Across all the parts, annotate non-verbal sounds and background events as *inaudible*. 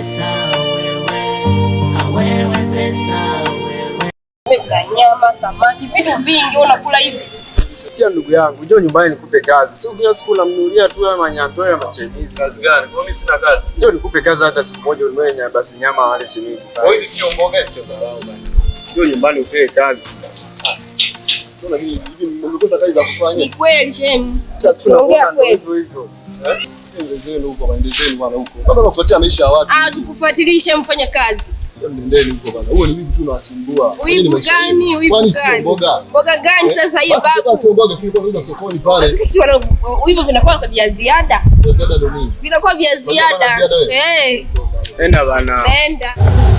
pesa Sikia ndugu yangu, njoo nyumbani nikupe kazi. Si kuna siku unamnunulia tu haya manyanto ya machinese. Kazi gani? Kwa mimi sina kazi. Njoo nikupe kazi hata siku moja ununue nyama basi nyama wale chini. Kwa hizi sio mboga sio dharau bana. Njoo nyumbani upewe kazi. Unaona hivi hivi mmekosa kazi za kufanya. Ni kweli shemu. Sasa kuna mboga hivyo Eh? tukufuatilishe mfanya kazi. Wivu yaani gani? Mboga gani eh, sasa hiyo babu? Sisi wana wivu vinakuwa vya ziada. Vinakuwa vya ziada. Eh. Enda bana. Enda.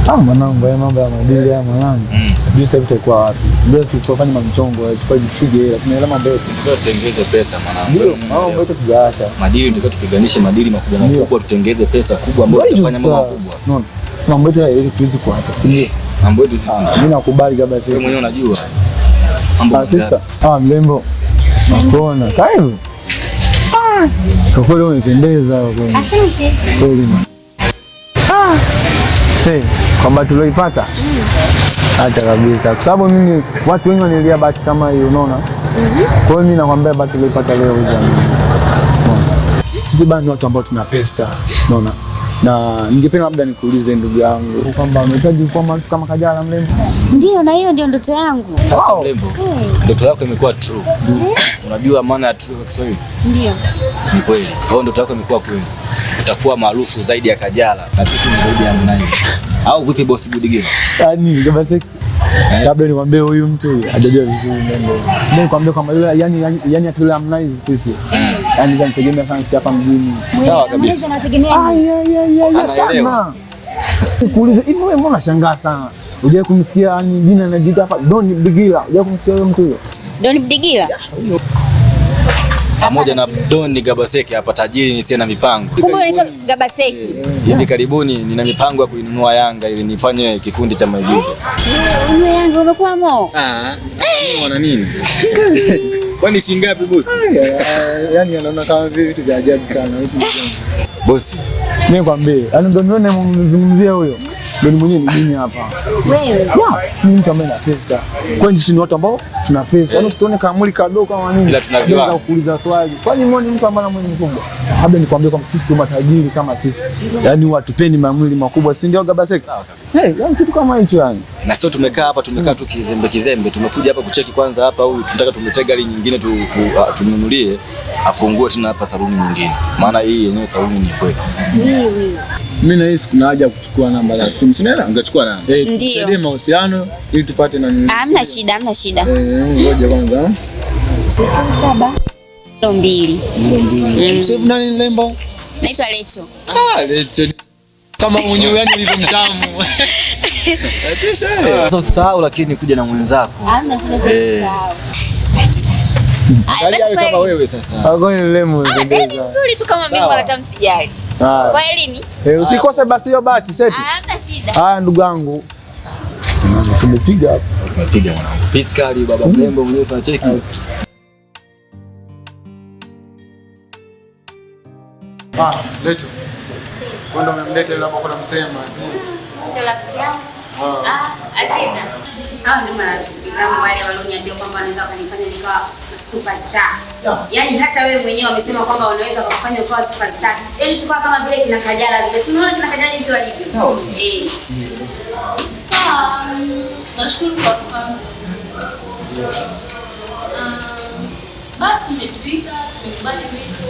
Sawa ah, mwanangu, mambo ya madili haya mwanangu. Mm sijui sasa hivi itakuwa wapi. Ndio tulipofanya mamichongo ilikuwa ipige hela, tunaelewa mbele. tutengeze pesa maana. Ndio hao tujaacha. Madili tulikuwa tupiganishe madili makubwa makubwa tutengeze pesa kubwa ambayo tutafanya mambo makubwa. Unaona? Mambo yetu hayawezi tuwezi kuacha. Si mambo yetu sisi. Ah, mimi nakubali kabla sasa. Wewe mwenyewe unajua. Mambo sasa. Ah, mlembo. Nakuona. Kaimu. Ah. Kwa kweli umependeza kweli. Asante. Kweli. Ah. Sasa kwamba tuloipata mm. acha kabisa, kwa sababu mimi watu wengi wanilia bahati kama hiyo, unaona. Mm-hmm. Kwa hiyo mimi nakwambia bahati tuloipata leo hizi bana, watu ambao tuna pesa, unaona na ningependa labda nikuulize ndugu yangu kwamba unahitaji kuwa maarufu kama Kajala Mrembo? Ndio, na hiyo ndio ndoto yangu. Sasa Mrembo, eh. ndoto yako imekuwa true. Eh? Unajua maana ya true kwa Kiswahili? Ndio, ni kweli. Kwa hiyo ndoto yako imekuwa kweli, utakuwa maarufu zaidi ya Kajala na zaidi ya mnayo au vipi boss Budigiro? Yaani kama sasa eh? labda nikwambie huyu mtu hajajua vizuri mambo. Mimi nikwambie kwamba yule yani yani yaani- yaani atule Harmonize sisi. Hmm. Yaani zanitegemea sana sisi hapa mjini. Sawa kabisa. Anategemea Kuuliza hivi wewe mbona sana? Unajua kumsikia yani jina anajiita hapa Don Bigila. Unajua kumsikia huyo mtu huyo? Don Bigila pamoja na Doni Gabaseki hapa, tajiri nisiye na mipango. Kumbe unaitwa Gabaseki? Hivi karibuni nina mipango ya kuinunua Yanga ili nifanye kikundi cha maigizo. Ununue Yanga umekuwa mo? Ah, unaona nini? *laughs* Kwani si ngapi bosi? Yaani anaona kama vitu vya ajabu sana. Bosi, mimi kwambie, yaani ndio nione mzungumzie huyo Doni mwenyewe ni mimi hapa. Wewe. Mimi mtu ambaye na pesa. Kwa nini sisi ni watu ambao tuna pesa. Yaani tuone kama mwili kadogo kama nini. Bila tunajua. Ndio kuuliza swali. Kwa nini mwoni mtu ambaye ana mwili mkubwa? Labda nikwambie kwamba sisi matajiri kama sisi. Yaani huwa hatupendi mamwili makubwa, si ndio Gabaseka? Sawa kabisa. Eh, yaani kitu kama hicho yani. Na sio tumekaa hapa tumekaa tu kizembe kizembe. Tumekuja hapa kucheki kwanza hapa huyu tunataka tumetega gari nyingine tu tununulie uh, afungue tena hapa saluni nyingine. Maana hii yenyewe saluni ni kweli. Wewe. Mimi hisi kuna haja kuchukua namba za simu. Sinaelewa, ungechukua namba. Eh, tusaidie mahusiano ili tupate na nini. Hamna shida, hamna shida. Eh, ngoja kwanza. Saba. Ndio Mbili. Mm. Sasa nani lembo? Naitwa Lecho. Ah, Lecho. Kama unyu yani ni mtamu. *laughs* Sasa sawa, lakini kuja na mwenzako. Hamna shida sasa. Eh. Ni ah, mzuri tu kama mimi wala tamsijali. Eh, usikose basi hiyo bati seti. Hata shida. Haya ndugu yangu. Tumepiga hapa. Tumepiga mwanangu. Piskali baba mm. Mrembo mwenyewe tunacheki. Ah, leto. Kwenda umemleta yule hapo kuna msema, sio? Ndio rafiki yangu. Ah, ah Aziza hawa ndio marafiki zangu wale walioniambia kwamba wanaweza wakanifanya nikawa superstar. Yaani hata wewe mwenyewe wamesema kwamba wanaweza kufanya ukawa superstar. Yaani tukawa kama vile kina Kajala vile. Si unaona kina Kajala hizo walivyo. Eh. Sawa. Um, nashukuru kwa kufahamu. Um, basi umetupika, tumekubali vitu.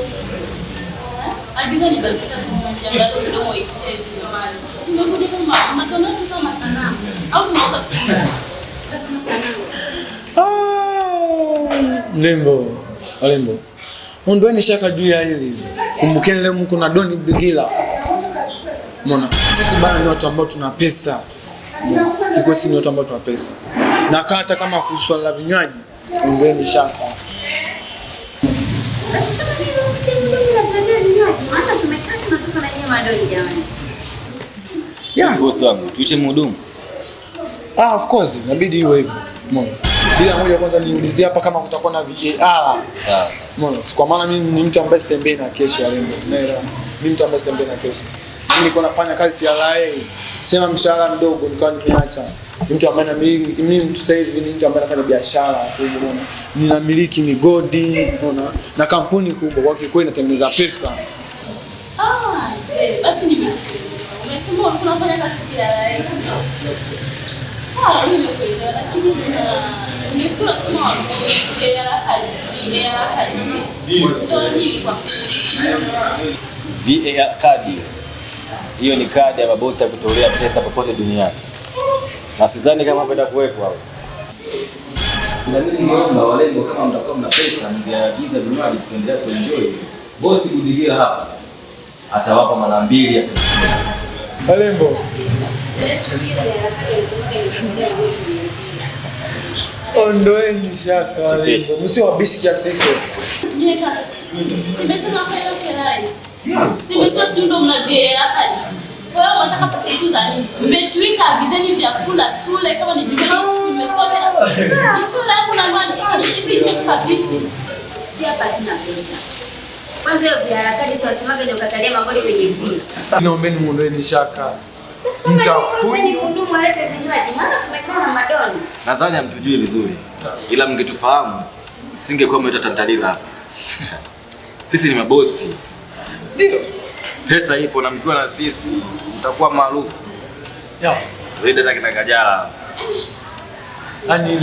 Eh? Agiza ni basi tutakuja mdomo icheze jamani. Tumekuja kama matona kama sanamu au tunaweza kusema Ah, Lembo, ah, Lembo. Ondoeni shaka juu ya hili. Kumbukeni leo mko na Doni Bigila. Umeona? Sisi bana ni watu ambao tuna pesa. Kikosi ni watu ambao tuna pesa. Na hata kama kuhusu la vinywaji, ondoeni shaka. Tuite mhudumu. Ah, of course, inabidi iwe hivyo. Mbona? Bila moja kwanza niulizie hapa kama kutakuwa na VAR. Sawa. Mbona? Kwa maana mimi ni mtu ambaye sitembei na kesho ya lengo. Unaelewa? Mimi mtu ambaye sitembei na kesho. Mimi niko nafanya kazi ya lae. Sema mshahara mdogo nikawa nimeacha. Ni mtu ambaye mimi mimi mtu sasa hivi ni mtu ambaye anafanya biashara. mbona? Ninamiliki migodi, mbona? Na kampuni kubwa kwa kweli inatengeneza pesa. Ah, basi nimekuelewa. Umesema unafanya kazi TRA sawa, nimekuelewa, lakini nimesikia VAR kadi hiyo ni kadi ya mabosi ya kutolea pesa popote duniani, na sidhani kama kwenda kuwekwa hapo. Ningeomba walengo, kama mtakuwa mna pesa, mngeagiza vinywaji tukaendelea kuenjoy. Bosi Goodwill hapa atawapa mara mbili ya pesa walengo. Ondoeni shaka hizo, msiwabishi kiasi hicho. Simesema kwenda serikali. Simesema sisi ndio mnavyelea hapa. Kwa hiyo wanataka pesa tu za nini? Mmetuika agizeni vyakula tule kama ni vile tumesote. Tule hapo na mwana hivi ni kwa vipi? Si hapa tuna pesa. Kwanza hiyo vya harakati sio wasemaga ndio katalia magoli kwenye mpira. Naombeni muondoeni shaka. Nadhani hamtujui vizuri, ila mngetufahamu msingekuwa mmeleta tandalila hapa. *laughs* Sisi ni mabosi, ndio pesa ipo, na mkiwa na sisi mtakuwa maarufu zaidi hata kina Kajala. Yaani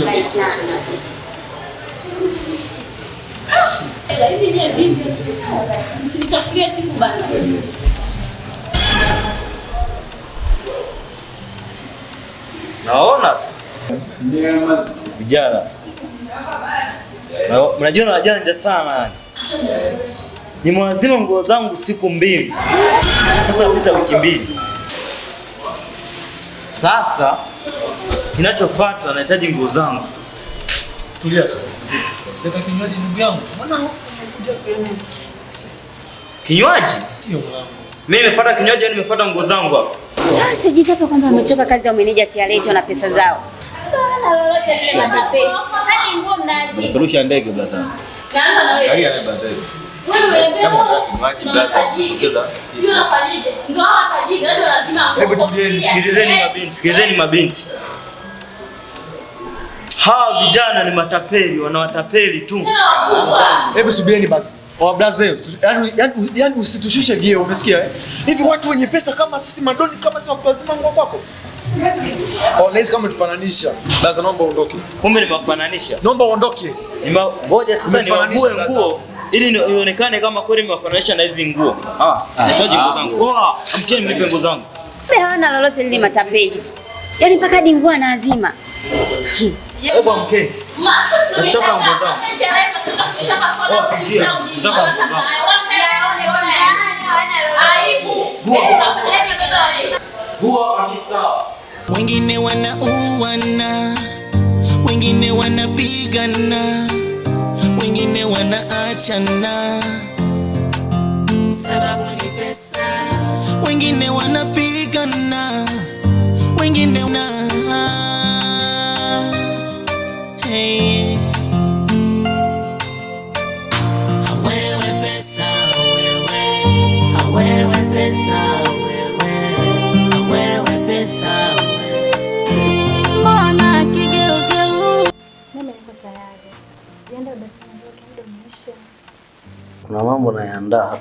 naona tu vijana mnajua na wajanja sana, Ni mwazima nguo zangu siku mbili sasa, pita wiki mbili sasa, kinachofuata nahitaji nguo zangu. Tulia sasa, teta kinywaji, ndugu yangu. Kinywaji mimi nimefuata kinywaji, yaani nimefuata nguo zangu hapa Ah, Sijitapa kwamba amechoka kazi ya meneja tialeto na pesa zao rusha ndege bata eh. Sikilizeni mabinti, hawa vijana ni matapeli, wanawatapeli tu. Hebu subieni basi. Oh, yaani usitushushe geo, umesikia eh? Hivi watu wenye pesa kama sisi madoni kama sisi wapazima nguo kwako. Oh, nahisi kama tufananisha. Blaza, naomba uondoke. Kumbe nimewafananisha. Naomba uondoke. Ngoja sasa niwague nguo ili ionekane kama kweli nimewafananisha na hizi nguo. Ah, nahitaji nguo zangu. Ah. Ah, amkeni mnipe nguo zangu. Hana lolote lile matapeli tu. Yaani mpaka dinguo na azima. Wengine wanauana, wengine wanapigana, wengine wanaachana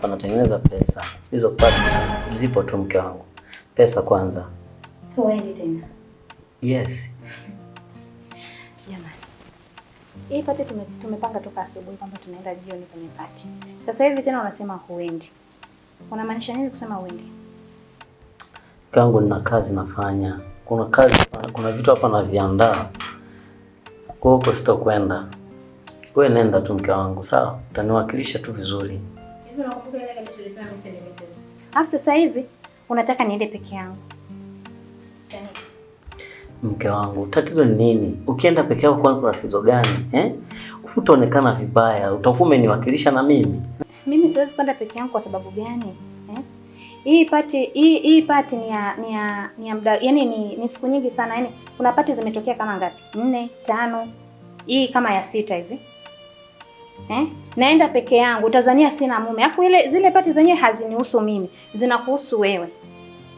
anatengeneza pesa. Hizo pati zipo tu, mke wangu. Pesa kwanza. Huendi tena? Yes. Hii pati tume, tumepanga toka asubuhi kwamba tunaenda jioni kwenye pati. Sasa hivi tena unasema huendi. Unamaanisha nini kusema huendi? Kangu nina kazi nafanya. Kuna kazi, kuna vitu hapa naviandaa. Kwa hiyo huko sitakwenda. Wewe nenda tu mke wangu, sawa? Utaniwakilisha tu vizuri. Alafu sasa hivi unataka niende peke yangu? Yaani. Mke wangu, tatizo ni nini? Ukienda peke yako kuna tatizo gani eh? Utaonekana vibaya, utakuwa umeniwakilisha na mimi. Mimi siwezi kwenda peke yangu kwa sababu gani eh? Hii pati hii hii pati ni ya ni ya ni ya mda, yani ni, ni siku nyingi sana. Yani kuna pati zimetokea kama ngapi? Nne, tano, hii kama ya sita hivi eh? Naenda peke yangu, utazania sina mume. alafu ile zile pati zenyewe hazinihusu mimi, zinakuhusu wewe.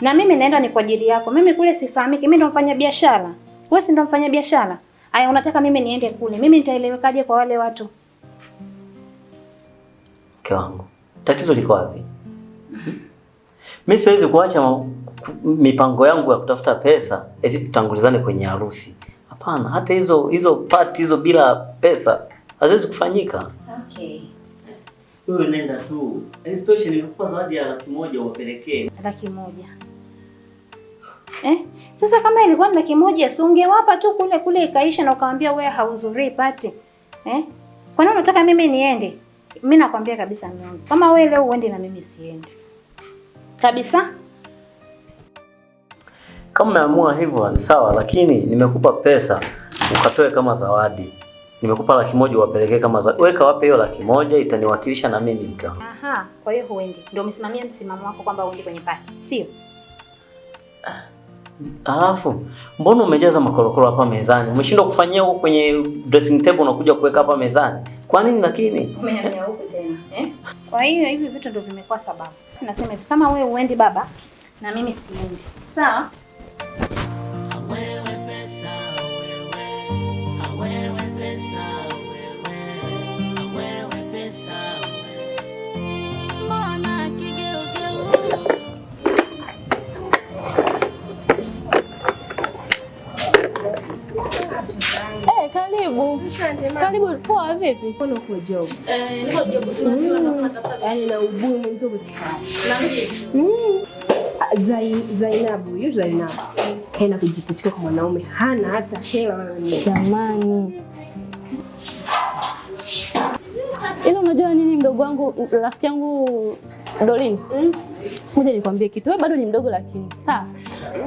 Na mimi naenda ni kwa ajili yako. Mimi kule sifahamiki, mimi ndo mfanya biashara. Wewe si ndo mfanya biashara? Aya, unataka mimi niende kule, mimi nitaelewekaje kwa wale watu? Mke wangu, tatizo liko wapi? Mimi siwezi kuacha mipango yangu ya kutafuta pesa eti tutangulizane kwenye harusi. Hapana, hata hizo hizo pati hizo bila pesa haziwezi kufanyika. Okay. Wewe nenda tu. Isitoshe yaani nimekupa zawadi ya laki moja uwapelekee. Laki moja. Eh? Sasa kama ilikuwa ni laki moja si ungewapa tu kule kule ikaisha na ukamwambia wewe hauzurii pati. Eh? Kwa nini unataka mimi niende? Mimi nakwambia kabisa mimi. Kama wewe leo uende na mimi siendi. Kabisa? Kama umeamua hivyo sawa, lakini nimekupa pesa ukatoe kama zawadi nimekupa laki moja uwapelekee kama zawadi. Weka wape hiyo laki moja itaniwakilisha na mimi mka. Aha, kwa hiyo huendi. Ndio umesimamia msimamo wako kwamba uende kwenye pati. Sio? Ah, alafu mbona umejaza makorokoro hapa mezani? Umeshindwa kufanyia huko kwenye dressing table unakuja kuweka hapa mezani. Kwa nini lakini? Umehamia huko tena, eh? Kwa hiyo hivi vitu ndio vimekuwa sababu. Nasema kama wewe uendi baba na mimi siendi. Sawa? vipi? Mbona uko job? Zainabu, yule Zainabu. Kaenda kujipitika kwa mwanaume hana hata hela Jamani. Ila yaani unajua nini mdogo wangu, rafiki yangu Dolin. Mm. Ngoja nikwambie kitu. Wewe bado ni mdogo lakini. Sawa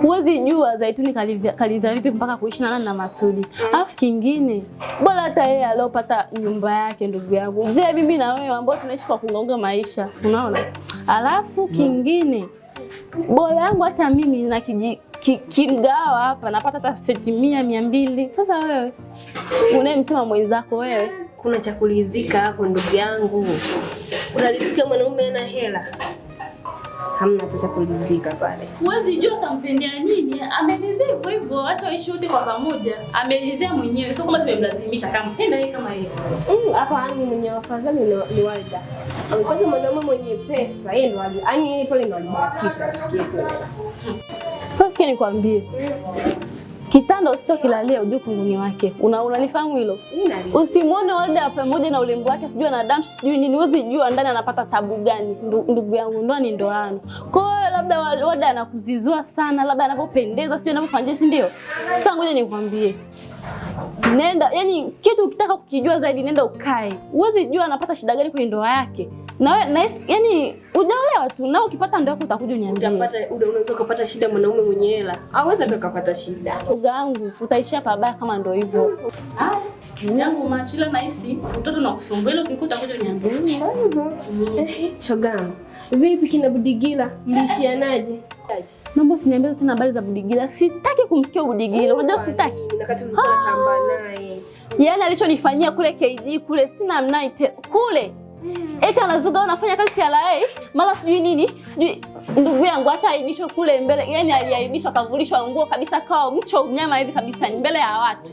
huwezi jua Zaituni kaliza vipi mpaka kuishi na nani na Masudi. Alafu kingine bora hata yeye aliopata nyumba yake, ndugu yangu. Je, mimi na wewe ambao tunaishi kwa kugonga maisha, unaona? Alafu kingine bora yangu hata mimi na kiji kimgawa hapa napata hata senti mia mia mbili. Sasa wewe unayemsema mwenzako wewe, kuna cha kulizika hapo ndugu yangu, unalizika mwanaume ana hela hamna hata cha kulizika pale. Huwezi jua kampendea nini, amelizia hivyo hivyo, acha waishuhudi kwa pamoja. Amelizia mwenyewe, sio kama tumemlazimisha. Kampenda yeye kama yeye. Mm, hapa yani mwenye wafadhali ni Walda. Kwanza mwanaume mwenye pesa, yeye ndo ani yeye pale ndo alibahatisha. Sasa sikia nikwambie. Kitanda usito kilalia ujue kunguni wake. Una unalifahamu hilo? Usimwone Walda pamoja na ulembo wake sijui ana damu sijui nini uwezi jua ndani anapata tabu gani ndugu yangu ndoa ni ndoano. Kwa hiyo labda Walda anakuzizua sana, labda anapopendeza sijui anapofanyia, si ndio? Sasa ngoja nikwambie. Nenda, yani kitu ukitaka kukijua zaidi nenda ukae. Uwezi jua anapata shida gani kwenye ndoa yake na, na, yani ujaolewa tu na ukipata ndio yako utakuja uniambie. Utapata, unaweza kupata shida mwanaume mwenye hela. Hawezi tukapata shida. Uga wangu utaishia pabaya kama ndio hivyo. Ah, yangu macho ila nahisi mtoto nakusumbua ile ukikuta kuja uniambie. Mm, eh, shoga. Vipi kina Budigila? Mlishianaje? Naomba usiniambie tena habari za Budigila. Sitaki kumsikia Budigila. Oh unajua sitaki. Nakati Wakati ah. tamba naye. Yale alichonifanyia kule KG kule sina mnai kule Mm. eti anazuga anafanya kazi CRA mara sijui nini sijui. Ndugu yangu acha aibishwe kule mbele, yani aliaibishwa akavulishwa nguo kabisa, kawa mcho unyama hivi kabisa, ni mbele ya watu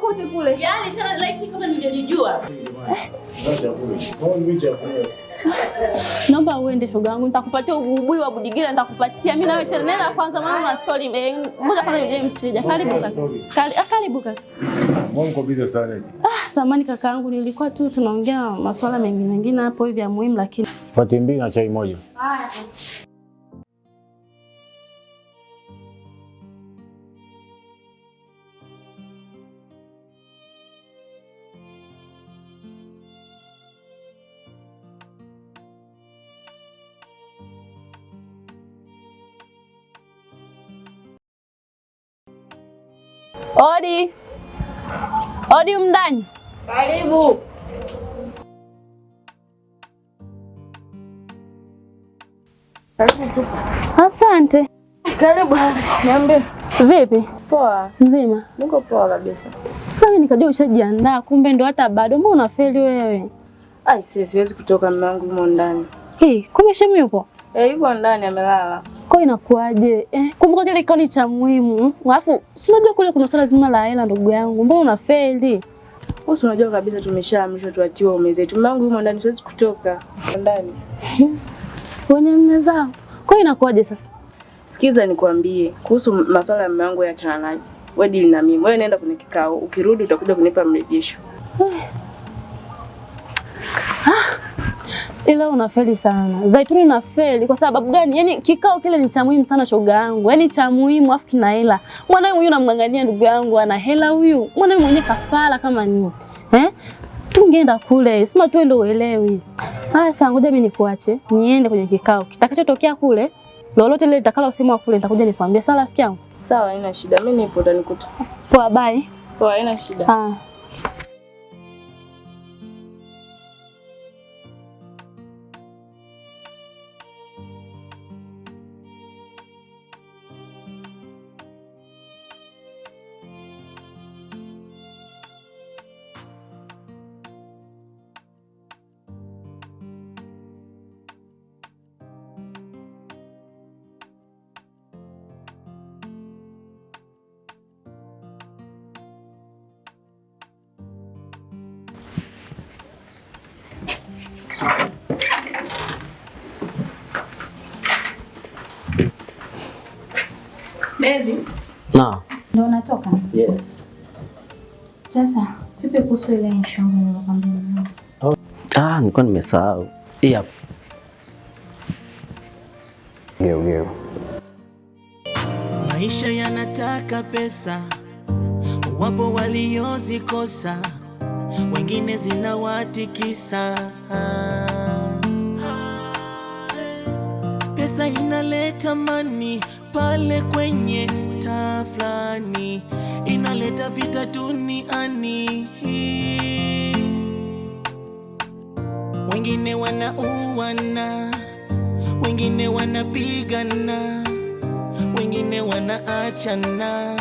kote kule, Yaani tena like kama ningejijua eh. Naomba uende shoga yangu, nitakupatia ubuyu wa Budigira, nitakupatia mimi nawe tena. Nenda kwanza, maana una story. Ngoja kwanza nije mteja. Ah, karibu kaka, karibu kaka. Mungu bize sana. Ah, samani kaka yangu, nilikuwa tu tunaongea masuala mengine mengine hapo hivi ya muhimu, lakini Fatimbi na chai moja. Haya. Odi. Odi mndani. Karibu. Asante. Karibu. Niambie. Vipi? Poa. Mzima? Niko poa kabisa. Sasa nikajua ushajiandaa, kumbe ndo hata bado. Mbona unafeli wewe? Ai, siwezi kutoka mlango huko ndani. Hey, kumbe shemu yupo? Eh, yupo ndani amelala kwa inakuaje? Eh, kumbuka kile kikao ni cha muhimu, alafu si unajua kule kuna swala zima la hela. Ndugu yangu, mbona unafeli? Wewe unajua kabisa tumeshaamrishwa tuatiwe ume zetu. Mume yumo ndani, siwezi kutoka ndani *laughs* wenye mmezao Kwa inakuaje sasa? Sikiza nikwambie kuhusu masuala ya mume wangu, yachana naye wewe, dili na mimi. Wewe nenda kwenye kikao, ukirudi utakuja kunipa mrejesho. *sighs* Eh. Ila eh, unafeli sana. Zaituni unafeli kwa sababu gani? Yani kikao kile ni cha muhimu sana shoga yangu. yani cha muhimu afu kina hela. Mwanae huyu namngangania ndugu yangu ana hela huyu. Mwanae mwenye kafala kama nini. Eh? Tungeenda kule. sima tu ndo uelewi. sasa ngoja mimi nikuache. Niende kwenye kikao. Kitakachotokea kule lolote lile litakalo kule nitakuja nikwambia. Sawa rafiki yangu. Sawa, haina shida. Mimi nipo ndani kutu. Poa, bye. Poa, haina shida. Ah. Baby. Na. Ndio unatoka? Yes. Sasa, vipi kuhusu ile inshomu nilikwambia? Oh. Ah, nilikuwa nimesahau. Hii hapa. Geu geu. Maisha yanataka pesa. Wapo waliozikosa. Wengine zinawatikisa. Pesa inaleta mani pale kwenye taa fulani, inaleta vita duniani. Wengine wanauana, wengine wanapigana, wengine wanaachana,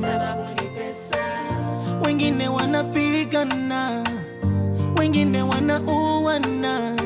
sababu ni pesa. Wengine wanapigana, wengine wanauana